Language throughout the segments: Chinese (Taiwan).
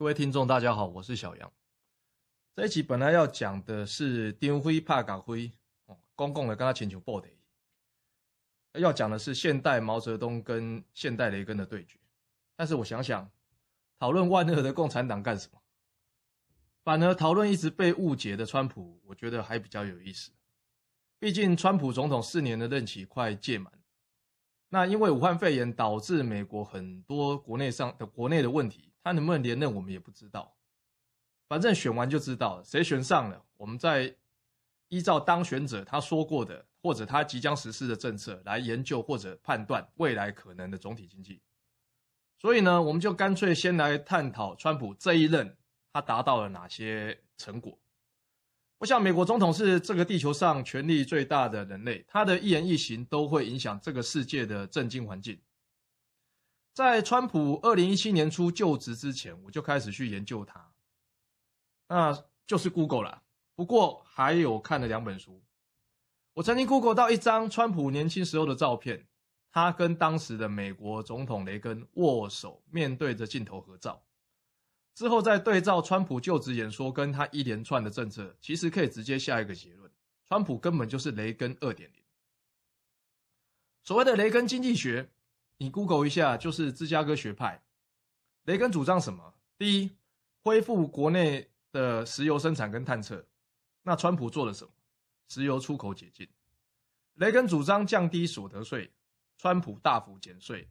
各位聽眾，大家好，我是小楊。這一集本來要講的是“丁輝怕敢輝公共的跟他請求暴跌。要講的是現代毛澤東跟現代雷根的對決。但是我想想，討論萬惡的共產黨幹什麼？反而討論一直被誤解的川普，我覺得還比較有意思。畢竟川普總統四年的任期快屆滿，那因為武漢肺炎導致美國很多國內上、的國內的問題。他能不能連任，我們也不知道，反正選完就知道誰選上了，我們再依照當選者他說過的或者他即將實施的政策來研究或者判斷未來可能的總體經濟。所以呢，我們就乾脆先來探討川普這一任他達到了哪些成果。我想美國總統是這個地球上權力最大的人類，他的一言一行都會影響這個世界的政經環境。在川普二零一七年初就職之前，我就開始去研究他，那就是 Google 啦。不過還有看了兩本書。我曾經 Google 到一張川普年輕時候的照片，他跟當時的美國總統雷根握手，面對着鏡頭合照。之後再對照川普就職演說跟他一連串的政策，其實可以直接下一個結論：川普根本就是雷根二點零。所謂的雷根經濟學。你 Google 一下就是芝加哥學派，雷根主張什麼？第一，恢復國內的石油生產跟探測。那川普做了什麼？石油出口解禁。雷根主張降低所得稅，川普大幅減稅。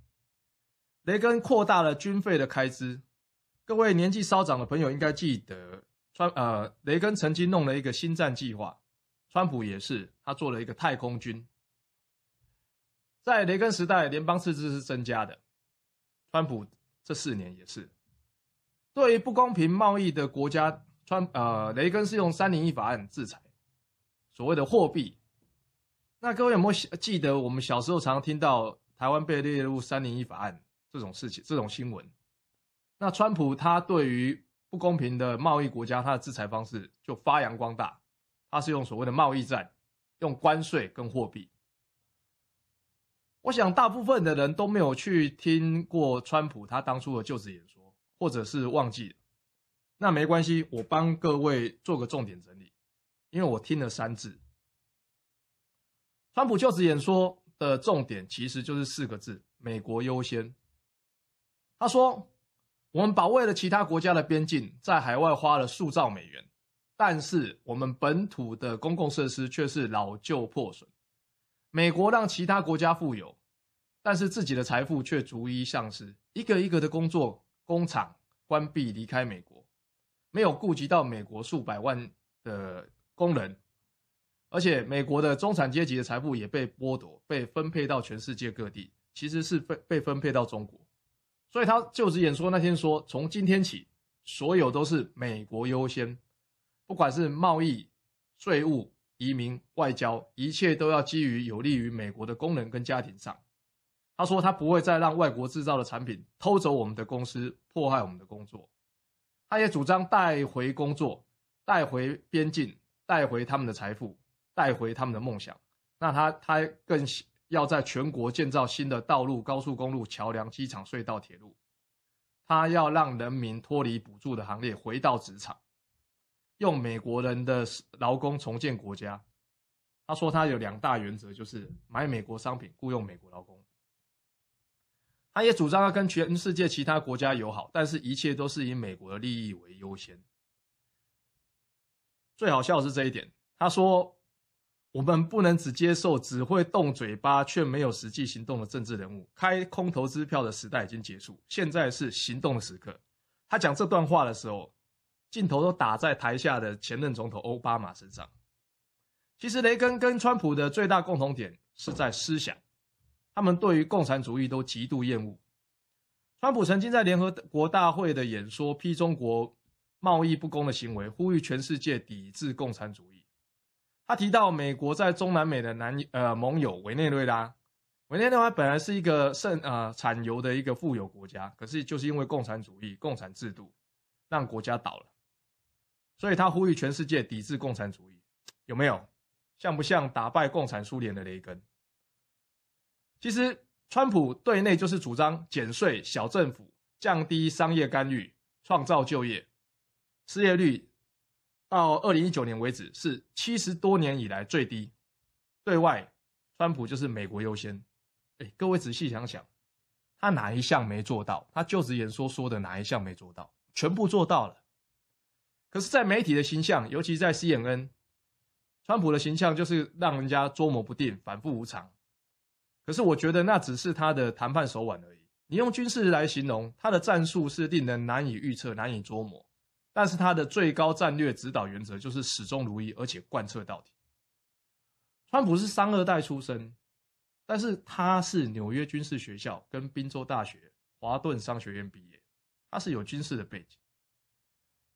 雷根擴大了軍費的開支。各位年紀稍長的朋友應該記得，川呃雷根曾經弄了一個星戰計劃，川普也是，他做了一個太空軍。在雷根時代，聯邦赤字是增加的。川普這四年也是。對於不公平貿易的國家，川呃，雷根是用三零一法案制裁所謂的貨幣。那各位有沒有記得我們小時候常常聽到台灣被列入三零一法案這種事情，這種新聞？那川普他對於不公平的貿易國家，他的制裁方式就發揚光大，他是用所謂的貿易戰，用關稅跟貨幣。我想大部分的人都沒有去聽過川普他當初的就職演說，或者是忘記了。那沒關係，我幫各位做個重點整理，因為我聽了三次。川普就職演說的重點其實就是四個字：美國優先。他說：“我們保衛了其他國家的邊境，在海外花了數兆美元，但是我們本土的公共設施卻是老舊破損。”美國讓其他國家富有，但是自己的財富卻逐一喪失，一個一個的工作工廠關閉離開美國，沒有顧及到美國數百萬的工人，而且美國的中產階級的財富也被剝奪，被分配到全世界各地，其實是被被分配到中國。所以他就職演說那天說，從今天起，所有都是美國優先，不管是貿易、稅務。移民、外交，一切都要基於有利於美國的工人跟家庭上。他說，他不會再讓外國製造的產品偷走我們的公司，迫害我們的工作。他也主張帶回工作，帶回邊境，帶回他們的財富，帶回他們的夢想。那他，他更要在全國建造新的道路、高速公路、橋梁、機場、隧道、鐵路。他要讓人民脫離補助的行列，回到職場。用美國人的勞工重建國家，他說他有兩大原則，就是買美國商品、雇傭美國勞工。他也主張要跟全世界其他國家友好，但是一切都是以美國的利益為優先。最好笑的是這一點，他說：“我們不能只接受只會動嘴巴卻沒有實際行動的政治人物，開空頭支票的時代已經結束，現在是行動的時刻。”他講這段話的時候，鏡頭都打在台下的前任總統歐巴馬身上。其實，雷根跟川普的最大共同點是在思想，他們對於共產主義都極度厭惡。川普曾經在聯合國大會的演說，批中國貿易不公的行為，呼籲全世界抵制共產主義。他提到，美國在中南美的南呃盟友委內瑞拉，委內瑞拉本來是一個盛呃產油的一個富有國家，可是就是因為共產主義、共產制度，讓國家倒了。所以他呼籲全世界抵制共產主義，有沒有，像不像打敗共產蘇聯的雷根？其實川普對內就是主張減稅、小政府、降低商業干預、創造就業，失業率到二零一九年為止是七十多年以來最低。對外，川普就是美國優先。哎、欸，各位仔細想想，他哪一項沒做到？他就職演說說的哪一項沒做到？全部做到了。可是，在媒體的形象，尤其在 CNN，川普的形象就是讓人家捉摸不定、反覆無常。可是，我覺得那只是他的談判手腕而已。你用軍事來形容他的戰術，是令人難以預測、難以捉摸。但是，他的最高戰略指導原則就是始終如一，而且貫徹到底。川普是商二代出身，但是他是紐約軍事學校跟賓州大學華頓商學院畢業，他是有軍事的背景。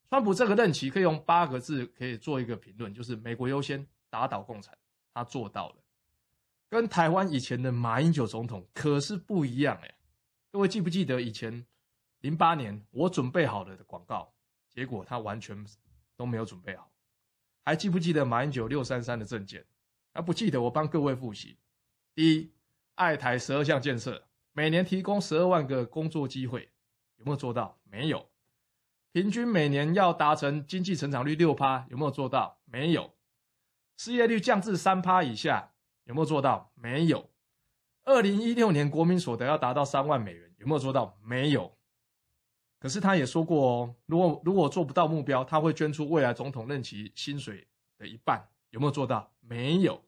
川普這個任期可以用八個字可以做一個評論，就是“美國優先，打倒共產”，他做到了。跟台灣以前的馬英九總統可是不一樣誒，各位記不記得以前零八年我準備好了的廣告，結果他完全都沒有準備好。還記不記得馬英九六三三的政見？啊，不記得，我幫各位複習。第一，愛台十二項建設，每年提供十二萬個工作機會，有沒有做到？沒有。平均每年要達成經濟成長率六趴，有沒有做到？沒有。失業率降至三趴以下，有沒有做到？沒有。二零一六年國民所得要達到三萬美元，有沒有做到？沒有。可是他也說過哦，如果如果做不到目標，他會捐出未來總統任期薪水的一半，有沒有做到？沒有。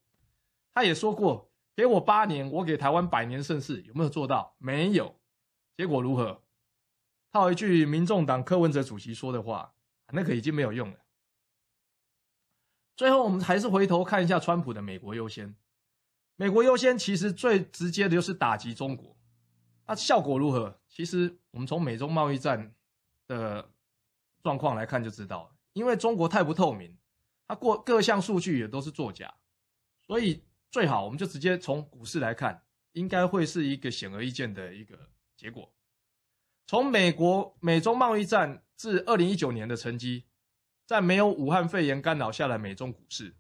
他也說過，給我八年，我給台灣百年盛世，有沒有做到？沒有。結果如何？套一句民眾黨柯文哲主席說的話，那個已經沒有用了。最後，我們還是回頭看一下川普的美國優先。美國優先其實最直接的就是打擊中國，那、啊、效果如何？其實我們從美中貿易戰的狀況來看就知道了。因為中國太不透明，它過各項數據也都是作假，所以最好我們就直接從股市來看，應該會是一個顯而易見的一個結果。從美國美中貿易戰至二零一九年的成績，在沒有武漢肺炎干擾下的美中股市，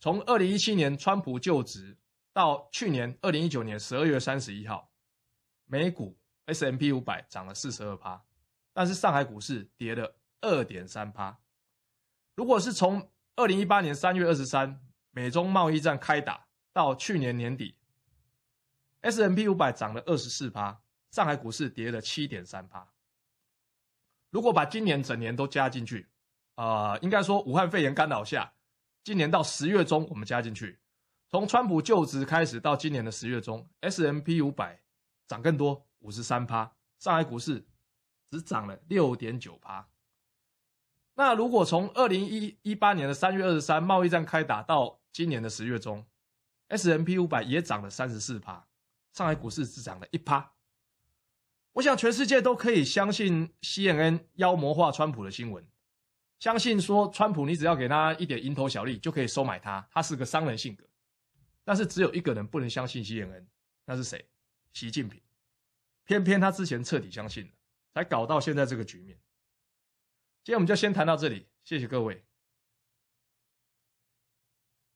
從二零一七年川普就職到去年二零一九年十二月三十一號，美股 S&P 五百漲了四十二趴，但是上海股市跌了二點三趴。如果是從二零一八年三月二十三美中貿易戰開打到去年年底，S&P 五百漲了二十四趴。上海股市跌了七點三趴，如果把今年整年都加進去，啊、呃，應該說武漢肺炎干擾下，今年到十月中我們加進去，從川普就職開始到今年的十月中，S&P 五百漲更多五十三趴，上海股市只漲了六點九趴。那如果從二零一八年的三月二十三貿易戰開打到今年的十月中，S&P 五百也漲了三十四趴，上海股市只漲了一趴。我想全世界都可以相信 CNN 妖魔化川普的新聞，相信說川普你只要給他一點蠅頭小利就可以收買他，他是個商人性格。但是只有一個人不能相信 CNN，那是誰？習近平。偏偏他之前徹底相信了，才搞到現在這個局面。今天我們就先談到這裡，謝謝各位。